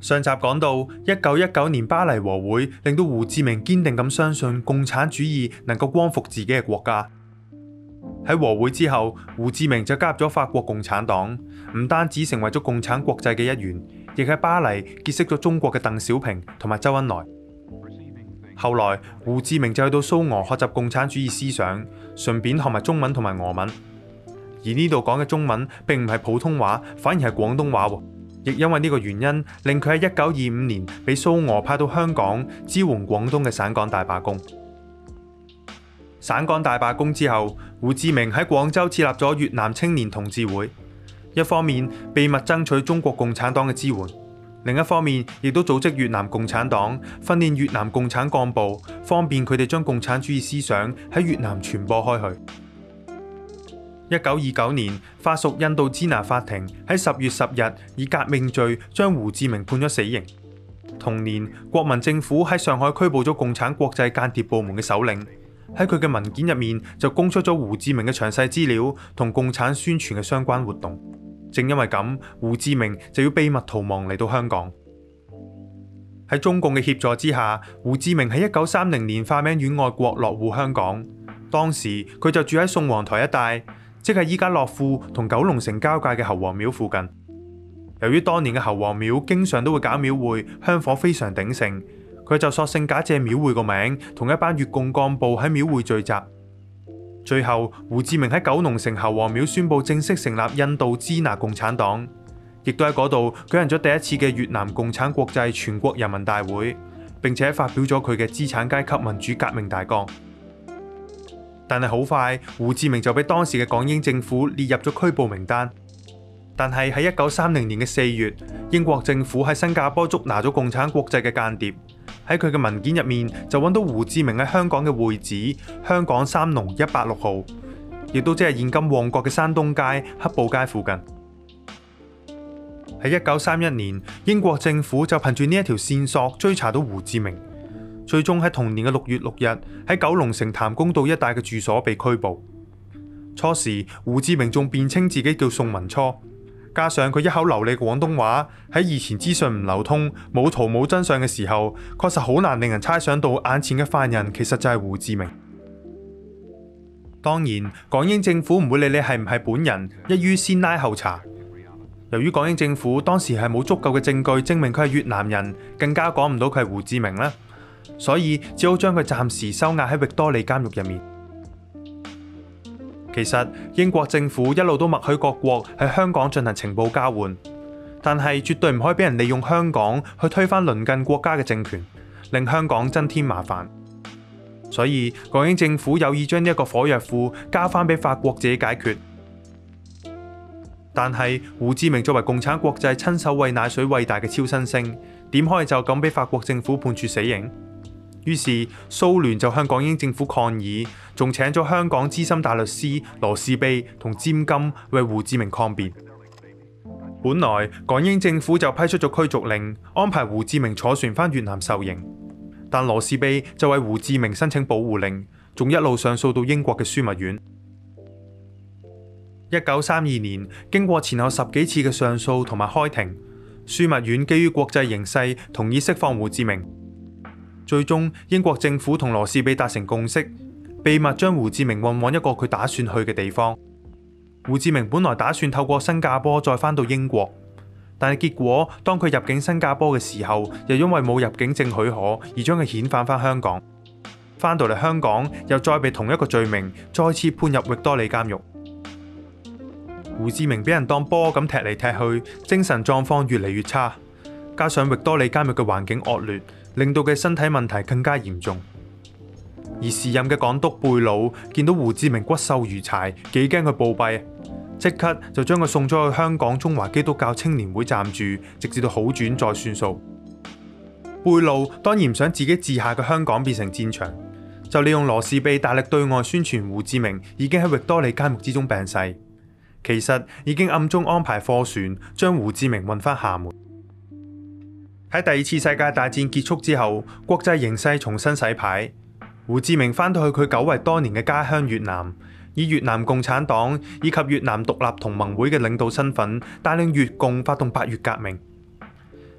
上集講到，一九一九年巴黎和會令到胡志明堅定咁相信共產主義能夠光復自己嘅國家。喺和會之後，胡志明就加入咗法國共產黨，唔單止成為咗共產國際嘅一員，亦喺巴黎結識咗中國嘅鄧小平同埋周恩來。後來，胡志明就去到蘇俄學習共產主義思想，順便學埋中文同埋俄文。而呢度講嘅中文，並唔係普通話，反而係廣東話。亦因為呢個原因，令佢喺一九二五年，被蘇俄派到香港支援廣東嘅省港大罷工。省港大罷工之後，胡志明喺廣州設立咗越南青年同志會，一方面秘密爭取中國共產黨嘅支援。另一方面，亦都組織越南共產黨，訓練越南共產幹部，方便佢哋將共產主義思想喺越南傳播開去。一九二九年，法屬印度支那法庭喺十月十日以革命罪將胡志明判咗死刑。同年，國民政府喺上海拘捕咗共產國際間諜部門嘅首領，喺佢嘅文件入面就供出咗胡志明嘅詳細資料同共產宣傳嘅相關活動。正因為咁，胡志明就要秘密逃亡嚟到香港。喺中共嘅協助之下，胡志明喺一九三零年化名阮愛國落戶香港。當時佢就住喺宋皇台一帶，即係依家樂富同九龍城交界嘅侯王廟附近。由於當年嘅侯王廟經常都會搞廟會，香火非常鼎盛，佢就索性假借廟會個名，同一班越共幹部喺廟會聚集。最後，胡志明喺九龍城侯王廟宣布正式成立印度支那共產黨，亦都喺嗰度舉行咗第一次嘅越南共產國際全國人民大會，並且發表咗佢嘅資產階級民主革命大綱。但係好快，胡志明就俾當時嘅港英政府列入咗拘捕名單。但係喺一九三零年嘅四月，英國政府喺新加坡捉拿咗共產國際嘅間諜。喺佢嘅文件入面就揾到胡志明喺香港嘅會址：香港三龍一八六號，亦都即係現今旺角嘅山東街黑布街附近。喺一九三一年，英國政府就憑住呢一條線索追查到胡志明，最終喺同年嘅六月六日喺九龍城譚公道一帶嘅住所被拘捕。初時，胡志明仲辯稱自己叫宋文初。加上佢一口流利嘅廣東話，喺以前資訊唔流通、冇圖冇真相嘅時候，確實好難令人猜想到眼前嘅犯人其實就係胡志明。當然，港英政府唔會理你係唔係本人，一於先拉後查。由於港英政府當時係冇足夠嘅證據證明佢係越南人，更加講唔到佢係胡志明啦，所以只好將佢暫時收押喺域多利監獄入面。其實英國政府一路都默許各國喺香港進行情報交換，但係絕對唔可以俾人利用香港去推翻鄰近國家嘅政權，令香港增添麻煩。所以，港英政府有意將一個火藥庫交翻俾法國自己解決。但係胡志明作為共產國際親手餵奶水餵大嘅超新星，點可以就咁俾法國政府判處死刑？於是蘇聯就向港英政府抗議，仲請咗香港資深大律師羅士卑同詹金為胡志明抗辯。本來港英政府就批出咗驅逐令，安排胡志明坐船返越南受刑，但羅士卑就為胡志明申請保護令，仲一路上訴到英國嘅樞密院。一九三二年，經過前後十幾次嘅上訴同埋開庭，樞密院基於國際形勢，同意釋放胡志明。最終，英國政府同羅士比達成共識，秘密將胡志明運往一個佢打算去嘅地方。胡志明本來打算透過新加坡再返到英國，但係結果當佢入境新加坡嘅時候，又因為冇入境證許可而將佢遣返返香港。返到嚟香港，又再被同一個罪名再次判入域多利監獄。胡志明俾人當波咁踢嚟踢去，精神狀況越嚟越差，加上域多利監獄嘅環境惡劣。令到佢身體問題更加嚴重，而時任嘅港督貝魯見到胡志明骨瘦如柴，幾驚佢暴斃啊，即刻就將佢送咗去香港中華基督教青年會暫住，直至到好轉再算數。貝魯當然唔想自己治下嘅香港變成戰場，就利用羅士秘大力對外宣傳胡志明已經喺域多利監獄之中病逝，其實已經暗中安排貨船將胡志明運翻廈門。喺第二次世界大戰結束之後，國際形勢重新洗牌。胡志明翻到去佢久違多年嘅家鄉越南，以越南共產黨以及越南獨立同盟會嘅領導身份，帶領越共發動八月革命。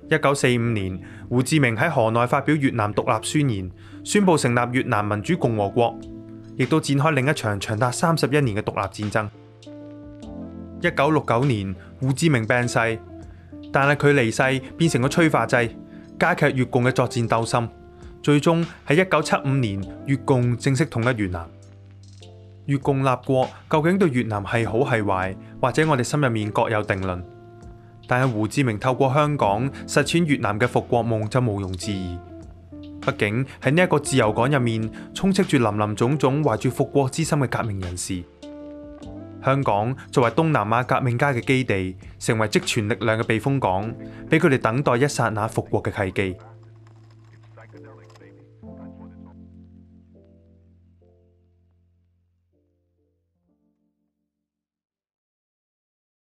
一九四五年，胡志明喺河內發表越南獨立宣言，宣布成立越南民主共和國，亦都展開另一場長達三十一年嘅獨立戰爭。一九六九年，胡志明病逝。但係佢離世變成個催化劑，加劇越共嘅作戰鬥心，最終喺一九七五年，越共正式統一越南。越共立國究竟對越南係好係壞，或者我哋心入面各有定論。但係胡志明透過香港實踐越南嘅復國夢就毋庸置疑。畢竟喺呢一個自由港入面，充斥住林林種種懷住復國之心嘅革命人士。香港作為東南亞革命家嘅基地，成為積存力量嘅避風港，俾佢哋等待一剎那復國嘅契機。